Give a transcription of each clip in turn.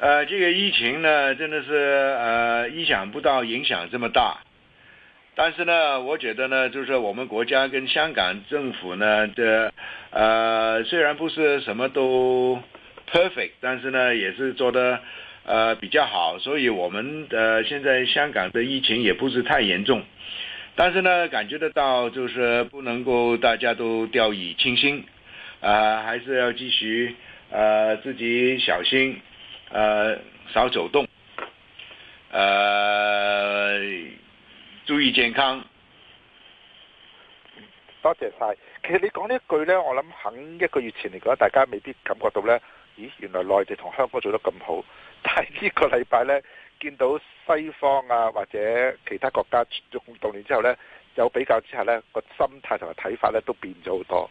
呃，這個疫情呢，真的是呃，意想不到影響這麼大。但是呢，我覺得呢，就是我們國家跟香港政府呢的，呃，雖然不是什麼都 perfect，但是呢，也是做得呃比較好。所以我們的呃，現在香港的疫情也不是太嚴重。但是呢，感覺得到，就是不能夠大家都掉以輕心，啊、呃，還是要繼續呃自己小心。誒，uh, 少走動，誒、uh,，注意健康。多謝晒。其實你講呢一句咧，我諗肯一個月前嚟講，大家未必感覺到咧。咦，原來內地同香港做得咁好，但係呢個禮拜咧，見到西方啊或者其他國家做動亂之後咧，有比較之下咧，個心態同埋睇法咧都變咗好多。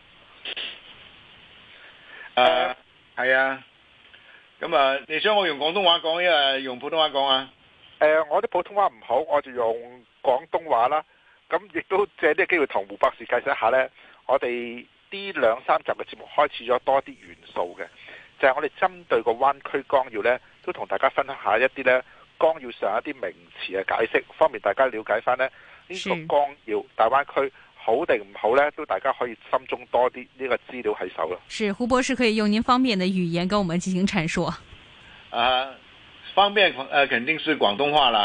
誒，係啊。咁啊、嗯，你想我用廣東話講，抑係用普通話講啊？誒、呃，我啲普通話唔好，我就用廣東話啦。咁亦都借呢個機會同胡博士介紹一下咧，我哋呢兩三集嘅節目開始咗多啲元素嘅，就係、是、我哋針對個灣區綱要咧，都同大家分享下一啲咧綱要上一啲名詞嘅解釋，方便大家了解翻咧呢個綱要大灣區。好定唔好呢？都大家可以心中多啲呢、這個資料喺手咯。是胡博士可以用您方便的語言跟我們進行闡述。啊、呃，方便誒、呃，肯定是廣東話啦。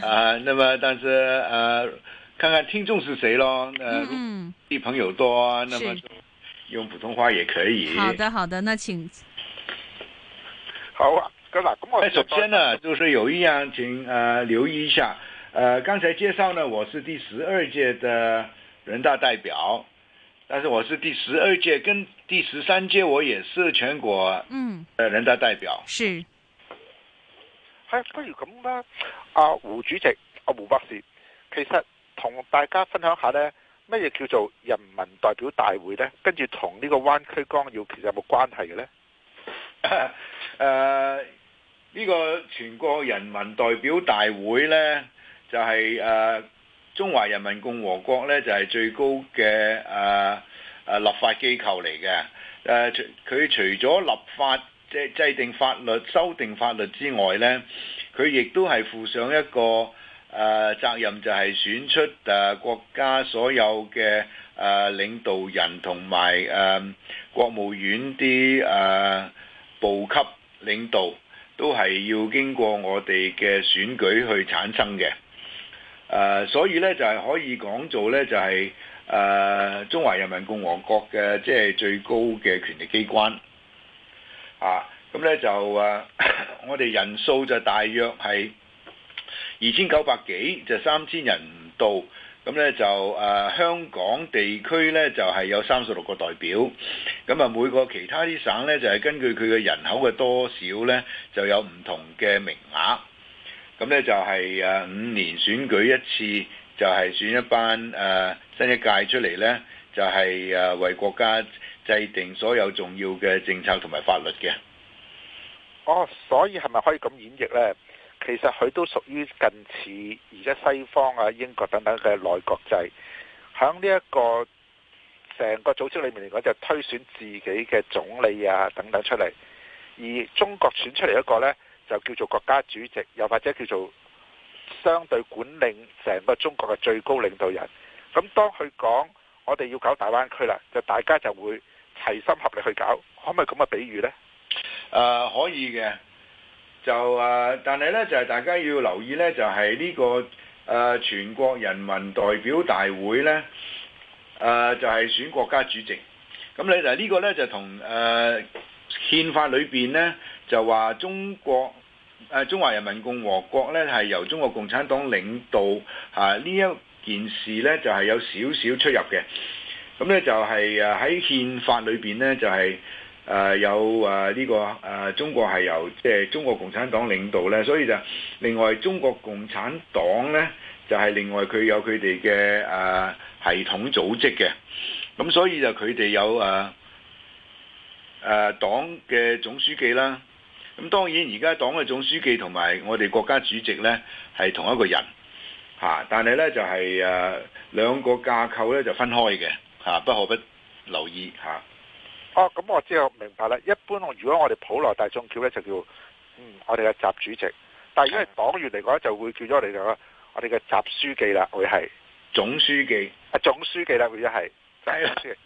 啊、呃，那麼但是誒、呃，看看聽眾是誰咯。誒、呃，啲、嗯、朋友多，那麼是用普通話也可以。好的，好的，那請。好啊，嗱，首先呢，就是有一樣，請誒、呃、留意一下。誒、呃，剛才介紹呢，我是第十二屆的。人大代表，但是我是第十二屆，跟第十三屆我也是全國嗯誒、呃、人大代表。是，係不如咁啦，阿、啊、胡主席，阿、啊、胡博士，其實同大家分享下咧，乜嘢叫做人民代表大會咧？跟住同呢個灣區綱要其實有冇關係嘅咧？誒、啊，呢、呃呢個全國人民代表大會咧，就係、是、誒。呃中華人民共和國咧就係、是、最高嘅誒誒立法機構嚟嘅，誒、啊、佢除咗立法即係制定法律、修訂法律之外咧，佢亦都係負上一個誒、啊、責任，就係選出誒、啊、國家所有嘅誒、啊、領導人同埋誒國務院啲誒、啊、部級領導，都係要經過我哋嘅選舉去產生嘅。誒、呃，所以咧就係、是、可以講做咧，就係、是、誒、呃、中華人民共和國嘅即係最高嘅權力機關啊。咁咧就誒、呃，我哋人數就大約係二千九百幾，就三、是、千人唔到。咁咧就誒、呃、香港地區咧就係、是、有三十六個代表。咁啊每個其他啲省咧就係、是、根據佢嘅人口嘅多少咧，就有唔同嘅名額。咁呢、嗯、就係、是、誒五年選舉一次，就係、是、選一班誒、呃、新一屆出嚟呢，就係、是、誒、呃、為國家制定所有重要嘅政策同埋法律嘅。哦，所以係咪可以咁演繹呢？其實佢都屬於近似而家西方啊、英國等等嘅內閣制。喺呢一個成個組織裏面嚟講，就推選自己嘅總理啊等等出嚟，而中國選出嚟一個呢。就叫做國家主席，又或者叫做相對管領成個中國嘅最高領導人。咁當佢講，我哋要搞大灣區啦，就大家就會齊心合力去搞，可唔可以咁嘅比喻呢？誒、呃，可以嘅，就誒、呃，但係呢，就係大家要留意呢，就係呢個誒全國人民代表大會呢，誒就係選國家主席。咁你嗱呢個呢，就同誒憲法裏邊呢，就話中國。誒中華人民共和國咧係由中國共產黨領導，啊呢一件事咧就係有少少出入嘅。咁咧就係誒喺憲法裏面咧就係誒有誒呢個誒中國係由即係中國共產黨領導咧，所以就另外中國共產黨咧就係另外佢有佢哋嘅誒系統組織嘅。咁所以就佢哋有誒誒黨嘅總書記啦。咁當然而家黨嘅總書記同埋我哋國家主席呢係同一個人，嚇，但係呢就係、是、誒、啊、兩個架構呢就分開嘅，嚇，不可不留意嚇。啊、哦，咁、嗯、我之後明白啦。一般如果我哋普羅大眾叫呢就叫嗯我哋嘅習主席，但係如果係黨員嚟講就會叫咗我哋做我哋嘅習書記啦，會係總書記啊，總書記啦，佢一係，係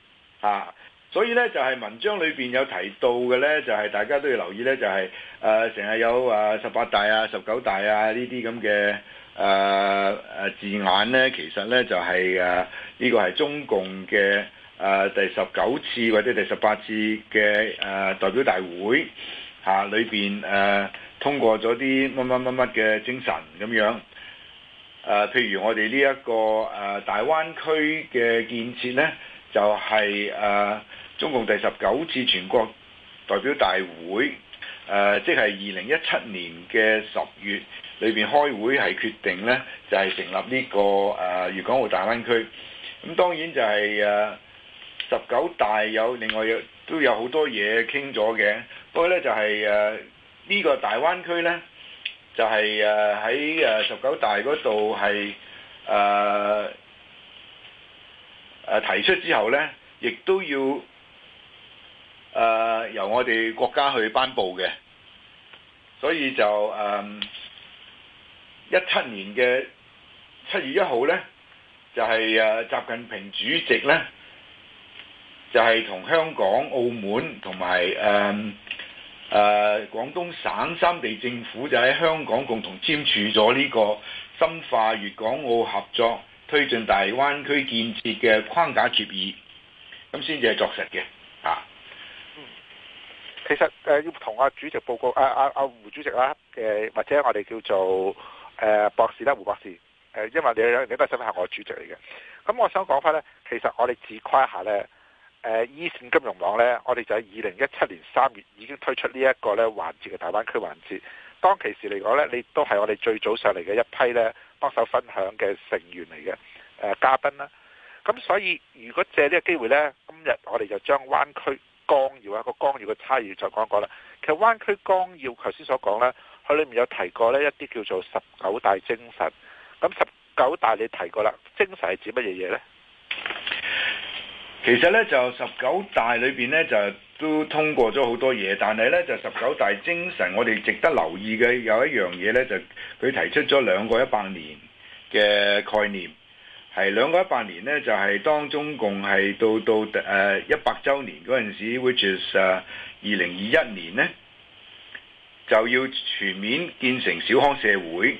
啊。啊所以咧就係文章裏邊有提到嘅咧，就係、是、大家都要留意咧，就係誒成日有誒、啊、十八大啊、十九大啊呢啲咁嘅誒誒字眼咧，其實咧就係誒呢個係中共嘅誒、啊、第十九次或者第十八次嘅誒、啊、代表大會嚇裏邊誒通過咗啲乜乜乜乜嘅精神咁樣誒、啊，譬如我哋呢一個誒、啊、大灣區嘅建設咧，就係、是、誒。啊。中共第十九次全國代表大會，誒、呃、即係二零一七年嘅十月裏邊開會係決定呢就係、是、成立呢、這個誒粵、呃、港澳大灣區。咁、嗯、當然就係、是、誒、呃、十九大有另外有都有好多嘢傾咗嘅。不過呢，就係誒呢個大灣區呢，就係誒喺誒十九大嗰度係誒誒提出之後呢，亦都要。誒、呃、由我哋國家去頒布嘅，所以就誒一七年嘅七月一號呢，就係、是、誒、呃、習近平主席呢，就係、是、同香港、澳門同埋誒誒廣東省三地政府就喺香港共同簽署咗呢個深化粵港澳合作、推進大灣區建設嘅框架協議，咁先至係作實嘅。其實誒、呃、要同阿主席報告，阿阿阿胡主席啦，誒、呃、或者我哋叫做誒、呃、博士啦，胡博士，誒、呃、因為你兩你都身份係我主席嚟嘅，咁、嗯、我想講翻咧，其實我哋自誇下咧，誒、呃、依線金融網咧，我哋就喺二零一七年三月已經推出呢一個咧環節嘅大灣區環節，當其時嚟講咧，你都係我哋最早上嚟嘅一批咧幫手分享嘅成員嚟嘅誒嘉賓啦，咁、嗯、所以如果借呢個機會咧，今日我哋就將灣區。光耀啊，個光耀嘅差異就講過啦。其實灣區光耀，頭先所講咧，佢裏面有提過咧一啲叫做十九大精神。咁十九大你提過啦，精神係指乜嘢嘢咧？其實咧就十九大裏邊咧就都通過咗好多嘢，但係咧就十九大精神，我哋值得留意嘅有一樣嘢咧，就佢提出咗兩個一百年嘅概念。係兩個一百年呢，就係、是、當中共係到到誒、呃、一百周年嗰陣時，which is 二零二一年呢，就要全面建成小康社會。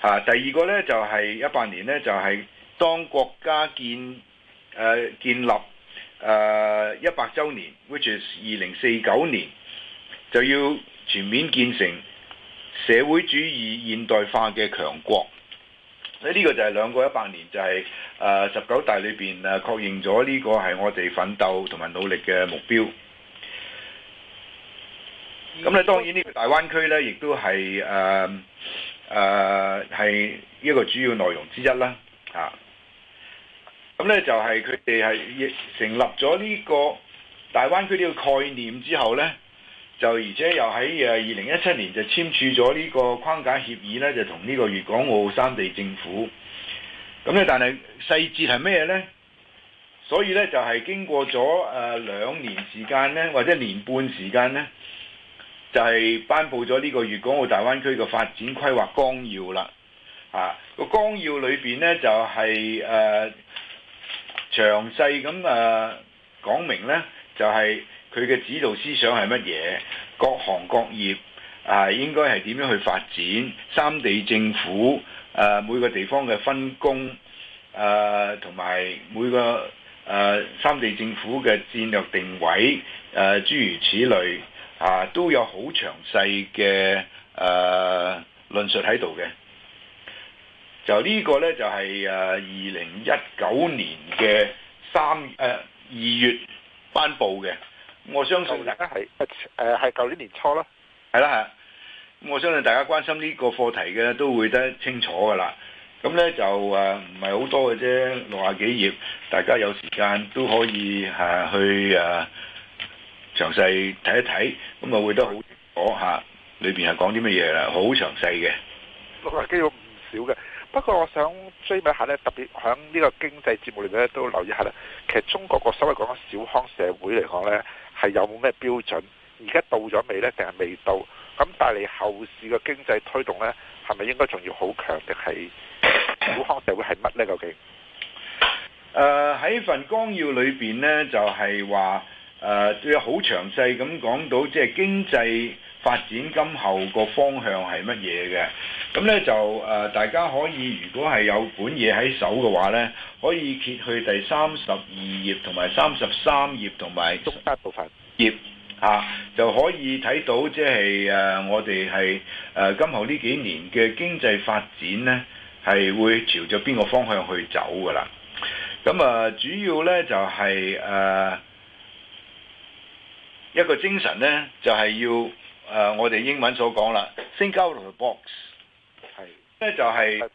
嚇、啊，第二個呢，就係、是、一百年呢，就係、是、當國家建誒、呃、建立誒、呃、一百周年，which is 二零四九年，就要全面建成社會主義現代化嘅強國。呢個就係兩個一百年，就係，就係誒十九大裏邊誒確認咗呢個係我哋奮鬥同埋努力嘅目標。咁咧當然呢個大灣區咧，亦都係誒誒係一個主要內容之一啦。啊，咁咧就係佢哋係成立咗呢個大灣區呢個概念之後咧。就而且又喺誒二零一七年就簽署咗呢個框架協議咧，就同呢個粵港澳三地政府。咁咧，但係細節係咩咧？所以咧，就係經過咗誒兩年時間咧，或者年半時間咧，就係頒佈咗呢個粵港澳大灣區嘅發展規劃綱要啦。啊，個綱要裏邊咧就係誒詳細咁誒講明咧，就係、是。佢嘅指導思想係乜嘢？各行各業啊，應該係點樣去發展？三地政府誒、啊、每個地方嘅分工誒，同、啊、埋每個誒、啊、三地政府嘅戰略定位誒、啊，諸如此類啊，都有好詳細嘅誒、啊、論述喺度嘅。就呢個呢，就係誒二零一九年嘅三誒二月頒布嘅。我相信大家係誒係舊年年初咯，係啦係。我相信大家關心呢個課題嘅都會得清楚噶啦。咁咧就誒唔係好多嘅啫，六廿幾頁，大家有時間都可以吓、啊、去誒詳細睇一睇，咁啊會得好清楚吓，裏邊係講啲乜嘢啦，好詳細嘅，六廿幾頁唔少嘅。不過我想追問一下咧，特別喺呢個經濟節目裏邊咧，都留意下咧。其實中國個所謂講緊小康社會嚟講咧，係有冇咩標準？而家到咗未咧？定係未到？咁帶嚟後市嘅經濟推動咧，係咪應該仲要好強？定係小康社會係乜咧？究竟？誒喺、呃、份綱要裏邊咧，就係話誒好詳細咁講到即係、就是、經濟。發展今後個方向係乜嘢嘅？咁咧就誒、呃，大家可以如果係有本嘢喺手嘅話咧，可以揭去第三十二頁同埋三十三頁同埋中間部分頁嚇，就可以睇到即係誒我哋係誒今後呢幾年嘅經濟發展咧，係會朝著邊個方向去走㗎喇。咁啊，主要咧就係、是、誒、啊、一個精神咧，就係、是、要。誒，uh, 我哋英文所講啦，think out of the box，係咧是就係、是、誒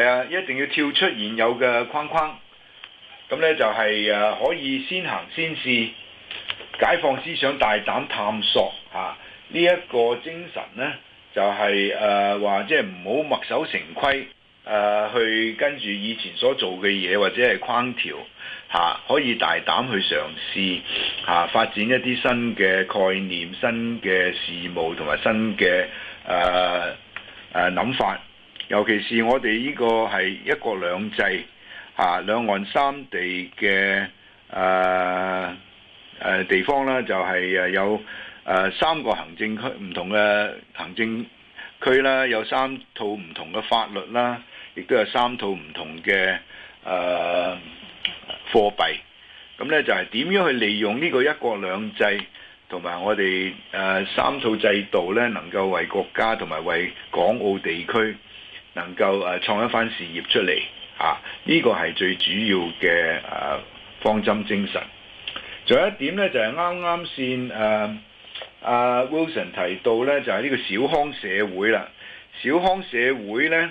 ，uh, 啊，一定要跳出現有嘅框框，咁咧就係、是、誒、uh, 可以先行先試，解放思想，大膽探索嚇，呢、啊、一、這個精神咧就係誒話，即係唔好墨守成規。誒、啊，去跟住以前所做嘅嘢，或者係框條吓、啊，可以大膽去嘗試吓，發展一啲新嘅概念、新嘅事務同埋新嘅誒誒諗法。尤其是我哋呢個係一國兩制吓，啊、兩岸三地嘅誒誒地方啦，就係、是、誒有誒、啊、三個行政區，唔同嘅行政區啦，有三套唔同嘅法律啦。亦都有三套唔同嘅誒、呃、貨幣，咁咧就係點樣去利用呢個一國兩制同埋我哋誒、呃、三套制度咧，能夠為國家同埋為港澳地區能夠誒、呃、創一番事業出嚟嚇？呢個係最主要嘅誒、啊、方針精神。仲有一點咧，就係啱啱先誒阿 Wilson 提到咧，就係、是、呢個小康社會啦。小康社會咧。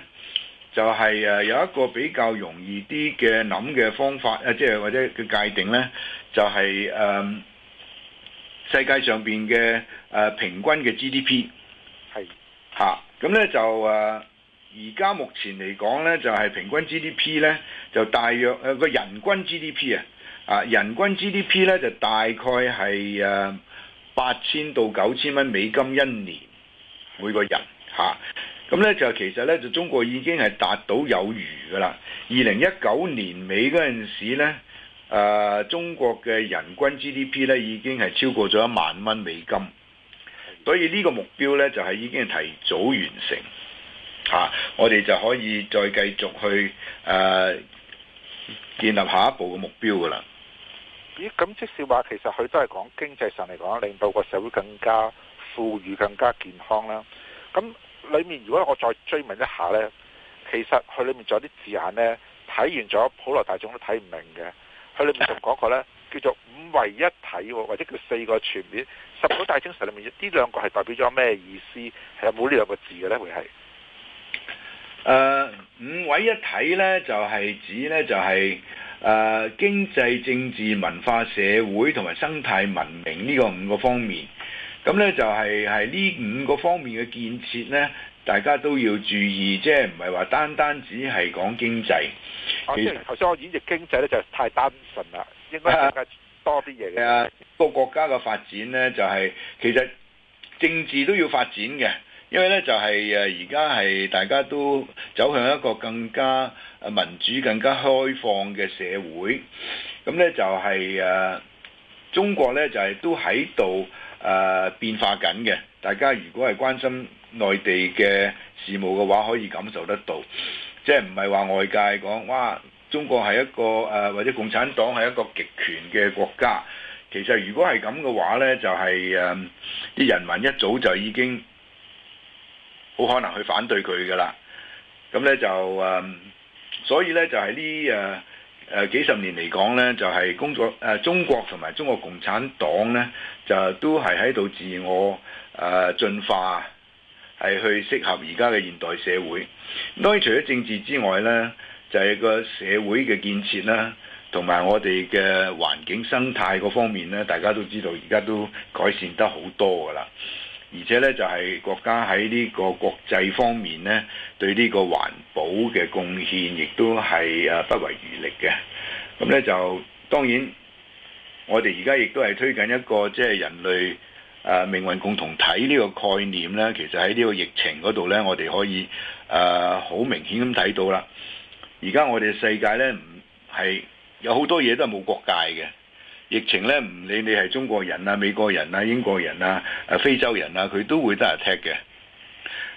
就係誒有一個比較容易啲嘅諗嘅方法啊，即、就、係、是、或者嘅界定咧，就係、是、誒、呃、世界上面嘅誒平均嘅 GDP 係嚇是，咁咧、啊、就誒而家目前嚟講咧，就係、是、平均 GDP 咧就大約誒個、呃、人均 GDP 啊啊，人均 GDP 咧就大概係誒八千到九千蚊美金一年每個人嚇。啊咁咧就其實咧就中國已經係達到有餘噶啦，二零一九年尾嗰陣時咧，誒、呃、中國嘅人均 GDP 咧已經係超過咗一萬蚊美金，所以呢個目標咧就係、是、已經係提早完成，吓、啊、我哋就可以再繼續去誒、呃、建立下一步嘅目標噶啦。咦？咁即係話，其實佢都係講經濟上嚟講，令到個社會更加富裕、更加健康啦。咁裏面如果我再追問一下呢，其實佢裏面仲有啲字眼呢，睇完咗普羅大眾都睇唔明嘅。佢裏面仲講過呢，叫做五位一體，或者叫四個全面。十九大精神裏面，呢兩個係代表咗咩意思？係有冇呢兩個字嘅呢？會係？誒，五位一體呢，就係、是、指呢，就係、是、誒、呃、經濟、政治、文化、社會同埋生態文明呢、這個五個方面。咁呢就係係呢五個方面嘅建設呢，大家都要注意，即係唔係話單單只係講經濟。即係頭先我演繹經濟呢，就太單純啦，應該加多啲嘢嘅。係啊，個、啊、國家嘅發展呢，就係、是、其實政治都要發展嘅，因為呢就係誒而家係大家都走向一個更加民主、更加開放嘅社會。咁、嗯、呢就係、是、誒、啊、中國呢，就係、是、都喺度。誒、呃、變化緊嘅，大家如果係關心內地嘅事務嘅話，可以感受得到，即係唔係話外界講哇，中國係一個誒、呃、或者共產黨係一個極權嘅國家，其實如果係咁嘅話呢就係、是、啲、呃、人民一早就已經好可能去反對佢㗎喇，咁呢就誒、呃，所以呢就係呢誒。呃誒幾十年嚟講咧，就係、是、工作誒、啊、中國同埋中國共產黨咧，就都係喺度自我誒、呃、進化，係去適合而家嘅現代社會。當然除咗政治之外咧，就係、是、個社會嘅建設啦，同埋我哋嘅環境生態嗰方面咧，大家都知道而家都改善得好多㗎啦。而且咧就係國家喺呢個國際方面咧，對呢個環保嘅貢獻，亦都係誒不遺餘力嘅。咁咧就當然，我哋而家亦都係推緊一個即係、就是、人類誒、呃、命運共同體呢個概念咧。其實喺呢個疫情嗰度咧，我哋可以誒好、呃、明顯咁睇到啦。而家我哋世界咧唔係有好多嘢都係冇國界嘅。疫情咧唔理你係中國人啊、美國人啊、英國人啊、誒非洲人啊，佢都會得嚟踢嘅。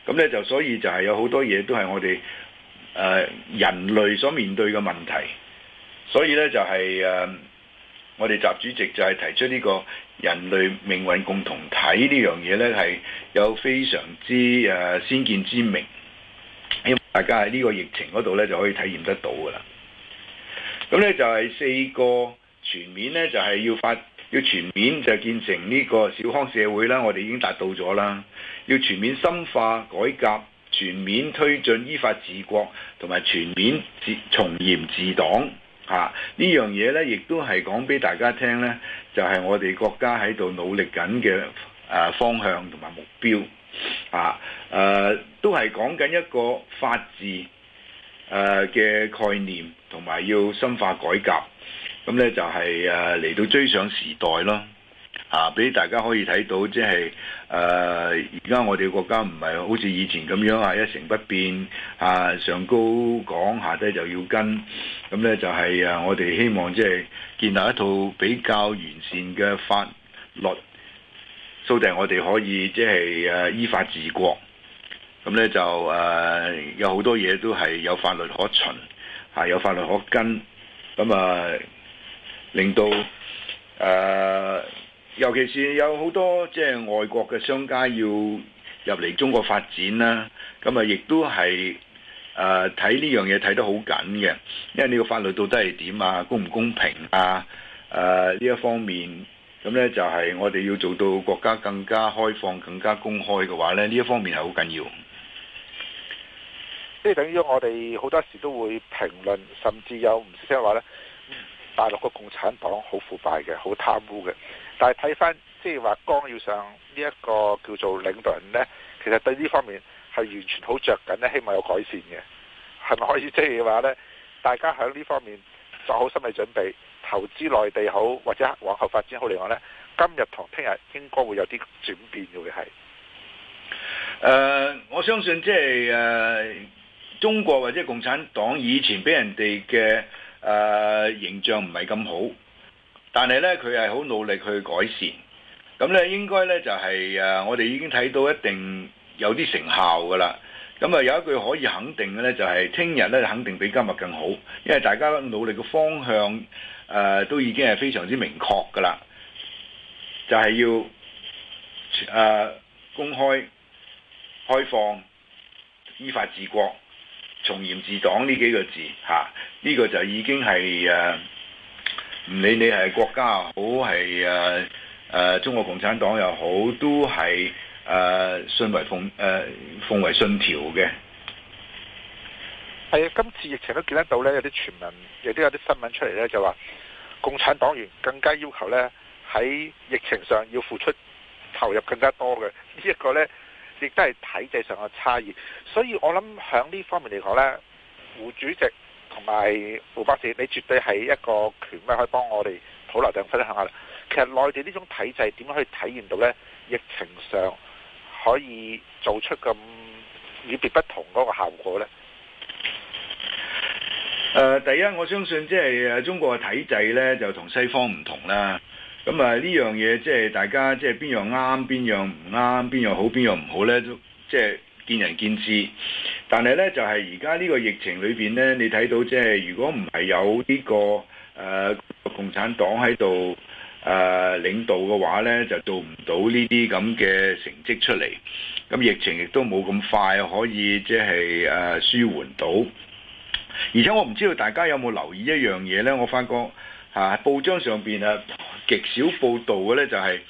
咁咧就所以就係有好多嘢都係我哋誒、呃、人類所面對嘅問題。所以咧就係、是、誒、呃、我哋習主席就係提出呢個人類命運共同體呢樣嘢咧，係有非常之誒、呃、先見之明。希望大家喺呢個疫情嗰度咧就可以體驗得到㗎喇。咁咧就係、是、四個。全面咧就係要發，要全面就建成呢個小康社會啦。我哋已經達到咗啦。要全面深化改革，全面推進依法治國，同埋全面治從嚴治黨。嚇，啊、呢樣嘢咧，亦都係講俾大家聽咧，就係、是、我哋國家喺度努力緊嘅誒方向同埋目標。啊，誒、呃、都係講緊一個法治誒嘅、呃、概念，同埋要深化改革。咁呢就係誒嚟到追上時代咯，嚇、啊、俾大家可以睇到，即係誒而家我哋國家唔係好似以前咁樣啊一成不變，啊上高講下低就要跟，咁、嗯、呢，就係、是、誒、啊、我哋希望即係建立一套比較完善嘅法律，所以，我哋可以即係誒、啊、依法治國，咁、嗯、呢就誒、啊、有好多嘢都係有法律可循，嚇、啊、有法律可跟，咁、嗯、啊～令到誒、呃，尤其是有好多即係外國嘅商家要入嚟中國發展啦，咁啊，亦都係誒睇呢樣嘢睇得好緊嘅，因為呢個法律到底係點啊？公唔公平啊？誒、啊、呢一方面，咁咧就係我哋要做到國家更加開放、更加公開嘅話咧，呢一方面係好緊要。即係等於我哋好多時都會評論，甚至有唔識聽話咧。大陸個共產黨好腐敗嘅，好貪污嘅。但係睇返即係話剛要上呢一個叫做領導人呢，其實對呢方面係完全好着緊呢，希望有改善嘅。係咪可以即係話呢，大家喺呢方面做好心理準備，投資內地好或者往後發展好嚟講呢，今日同聽日應該會有啲轉變嘅會係。誒、呃，我相信即係誒、呃、中國或者共產黨以前俾人哋嘅。誒，uh, 形象唔係咁好，但係咧佢係好努力去改善，咁咧應該咧就係、是、誒，uh, 我哋已經睇到一定有啲成效噶啦。咁啊有一句可以肯定嘅咧，就係聽日咧肯定比今日更好，因為大家努力嘅方向誒、uh, 都已經係非常之明確噶啦，就係、是、要誒、uh, 公開開放、依法治國。從嚴治黨呢幾個字，吓、啊、呢、這個就已經係誒，唔、啊、理你係國家又好，係誒誒中國共產黨又好，都係誒、啊、信為奉誒、啊、奉為信條嘅。係啊，今次疫情都見得到咧，有啲傳聞亦都有啲新聞出嚟咧，就話共產黨員更加要求咧喺疫情上要付出投入更加多嘅、這個、呢一個咧。亦都係體制上嘅差異，所以我諗喺呢方面嚟講呢，胡主席同埋胡博士，你絕對係一個權威，可以幫我哋討論定分享下。其實內地呢種體制點樣可以體現到呢，疫情上可以做出咁與別不同嗰個效果呢？誒、呃，第一，我相信即係中國嘅體制呢，就同西方唔同啦。咁啊，呢樣嘢，即係大家，即係邊樣啱邊樣唔啱，邊樣好邊樣唔好呢？都即係見仁見智。但係呢，就係而家呢個疫情裏邊呢，你睇到即係如果唔係有呢個誒共產黨喺度誒領導嘅話呢，就做唔到呢啲咁嘅成績出嚟。咁疫情亦都冇咁快可以即係誒舒緩到。而且我唔知道大家有冇留意一樣嘢呢？我發覺。啊！報章上邊啊，極少報導嘅咧，就係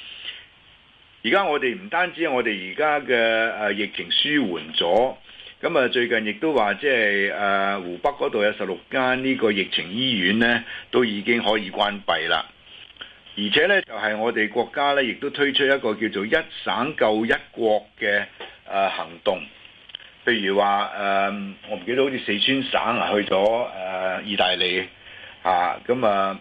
而家我哋唔單止我哋而家嘅誒疫情舒緩咗，咁啊最近亦都話即係誒湖北嗰度有十六間呢個疫情醫院呢，都已經可以關閉啦。而且呢，就係、是、我哋國家呢，亦都推出一個叫做一省救一國嘅誒、啊、行動，譬如話誒、啊，我唔記得好似四川省啊去咗誒、啊、意大利啊，咁啊～啊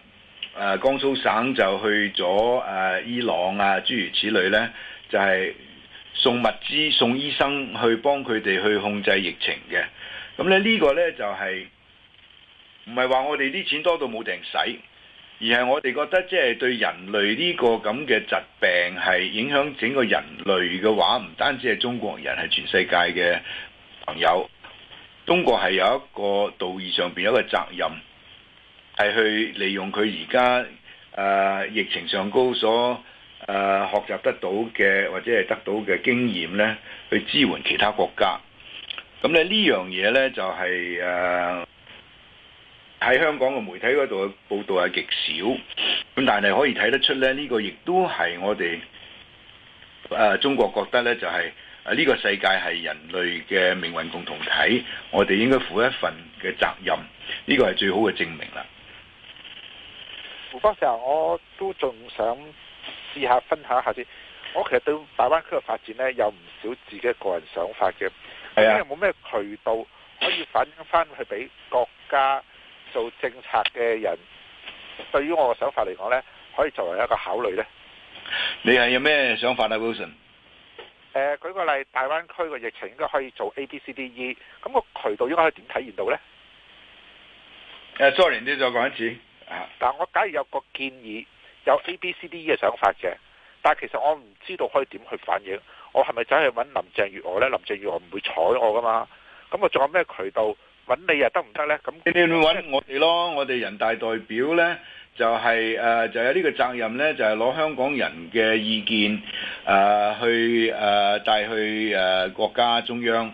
呃、江蘇省就去咗誒、呃、伊朗啊，諸如此類呢，就係、是、送物資、送醫生去幫佢哋去控制疫情嘅。咁咧呢個呢，就係唔係話我哋啲錢多到冇定使，而係我哋覺得即係對人類呢個咁嘅疾病係影響整個人類嘅話，唔單止係中國人，係全世界嘅朋友。中國係有一個道義上面有一個責任。係去利用佢而家誒疫情上高所誒、呃、學習得到嘅，或者係得到嘅經驗咧，去支援其他國家。咁、嗯、咧呢樣嘢咧就係誒喺香港嘅媒體嗰度報道係極少，咁、嗯、但係可以睇得出咧呢、呢個亦都係我哋誒、呃、中國覺得咧就係、誒、呢個世界係人類嘅命運共同體，我哋應該負一份嘅責任。呢個係最好嘅證明啦。胡博士啊，我都仲想試下分享一下先。我其實對大灣區嘅發展咧有唔少自己個人想法嘅。係啊的。有冇咩渠道可以反映翻去俾國家做政策嘅人？對於我嘅想法嚟講咧，可以作為一個考慮咧。你係有咩想法咧，Wilson？誒，舉個例，大灣區嘅疫情應該可以做 A、B、C、D、E。咁個渠道應該可以點體現到咧？誒、啊，sorry，你再連啲再講一次。但我假如有個建議，有 A B C D E 嘅想法嘅，但係其實我唔知道可以點去反映，我係咪走去揾林鄭月娥呢？林鄭月娥唔會睬我噶嘛？咁我仲有咩渠道揾你又得唔得呢？咁你揾我哋咯，我哋人大代表呢。就係、是、誒，就有呢個責任咧，就係、是、攞香港人嘅意見誒、啊、去誒、啊、帶去誒、啊、國家中央，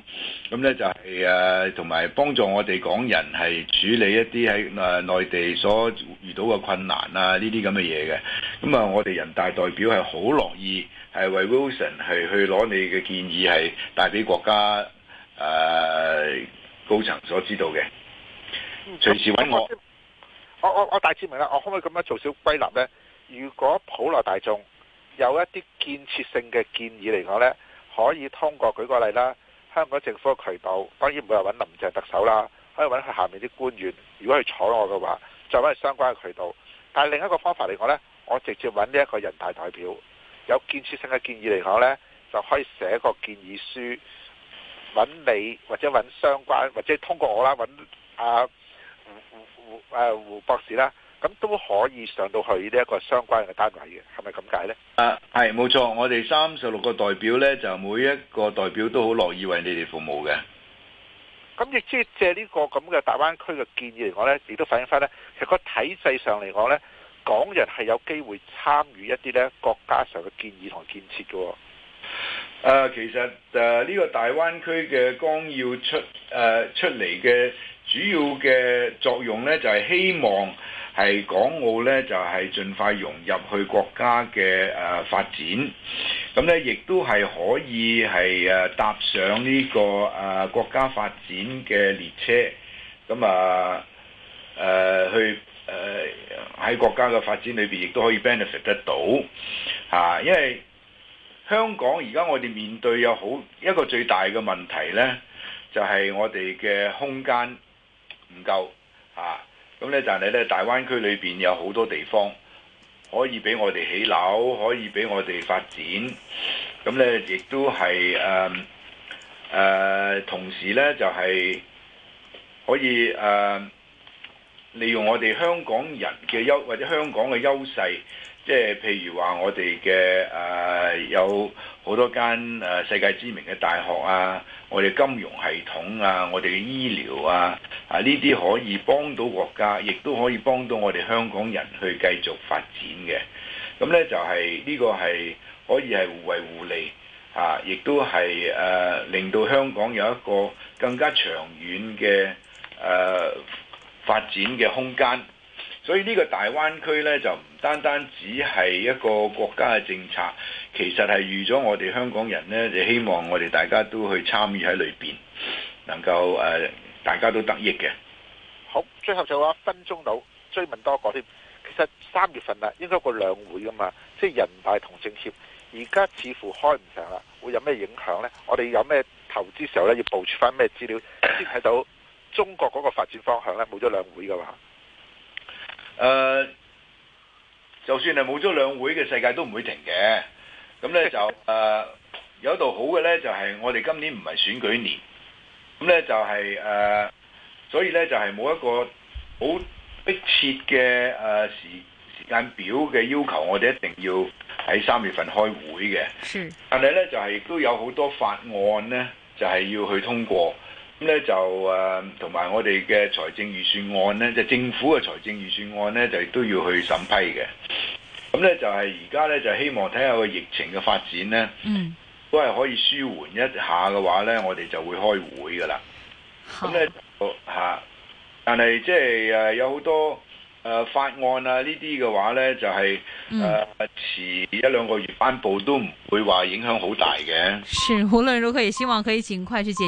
咁、啊、咧就係誒同埋幫助我哋港人係處理一啲喺誒內地所遇到嘅困難啊，呢啲咁嘅嘢嘅。咁啊，我哋人大代表係好樂意係為 Wilson 係去攞你嘅建議係帶俾國家誒、啊、高層所知道嘅，隨時揾我。我我我大致明啦，我可唔可以咁樣做小歸納呢？如果普羅大眾有一啲建設性嘅建議嚟講呢，可以通過舉個例啦，香港政府嘅渠道，當然唔會係搵林鄭特首啦，可以揾佢下面啲官員。如果佢睬我嘅話，再揾佢相關嘅渠道。但係另一個方法嚟講呢，我直接揾呢一個人大代表，有建設性嘅建議嚟講呢，就可以寫個建議書，揾你或者揾相關或者通過我啦，揾。啊。誒胡博士啦，咁都可以上到去呢一個相關嘅單位嘅，係咪咁解呢？誒，係，冇錯，我哋三十六個代表呢，就每一個代表都好樂意為你哋服務嘅。咁亦即借呢個咁嘅大灣區嘅建議嚟講呢，亦都反映翻呢，其實個體制上嚟講呢，港人係有機會參與一啲呢國家上嘅建議同建設嘅。誒，其實誒呢個大灣區嘅綱要出誒、啊、出嚟嘅。主要嘅作用咧，就係、是、希望係港澳咧，就係、是、盡快融入去國家嘅誒、啊、發展。咁、嗯、咧，亦都係可以係誒、啊、搭上呢、這個誒、啊、國家發展嘅列車。咁、嗯、啊誒、呃、去誒喺、啊、國家嘅發展裏邊，亦都可以 benefit 得到嚇、啊。因為香港而家我哋面對有好一個最大嘅問題咧，就係、是、我哋嘅空間。唔夠啊，咁咧就係咧，大灣區裏邊有好多地方可以俾我哋起樓，可以俾我哋發展，咁咧亦都係誒誒，同時咧就係、是、可以誒。呃利用我哋香港人嘅優，或者香港嘅優勢，即係譬如話我哋嘅誒有好多間誒世界知名嘅大學啊，我哋金融系統啊，我哋嘅醫療啊，啊呢啲可以幫到國家，亦都可以幫到我哋香港人去繼續發展嘅。咁呢就係呢個係可以係互惠互利啊，亦都係誒令到香港有一個更加長遠嘅誒。呃發展嘅空間，所以呢個大灣區呢，就唔單單只係一個國家嘅政策，其實係預咗我哋香港人呢，就希望我哋大家都去參與喺裏邊，能夠誒、呃、大家都得益嘅。好，最後就話一分鐘度，追問多個添。其實三月份啦，應該個兩會噶嘛，即係人大同政協，而家似乎開唔成啦，會有咩影響呢？我哋有咩投資時候呢，要部署翻咩資料先睇到？中國嗰個發展方向咧，冇咗兩會噶嘛？誒，uh, 就算係冇咗兩會嘅世界都唔會停嘅。咁咧就誒，uh, 有一度好嘅咧，就係、是、我哋今年唔係選舉年，咁咧就係、是、誒，uh, 所以咧就係、是、冇一個好迫切嘅誒、uh, 時時間表嘅要求，我哋一定要喺三月份開會嘅。是但係咧就係、是、都有好多法案咧，就係、是、要去通過。咁咧就誒，同、嗯、埋我哋嘅財政預算案咧，就是、政府嘅財政預算案咧，就都要去審批嘅。咁、嗯、咧就係而家咧，就希望睇下個疫情嘅發展咧，都係可以舒緩一下嘅話咧，我哋就會開會噶啦。咁咧吓，但係即係誒，有好多誒法案啊呢啲嘅話咧，就係誒遲一兩個月頒布都唔會話影響好大嘅。是無論如何，也希望可以盡快去解。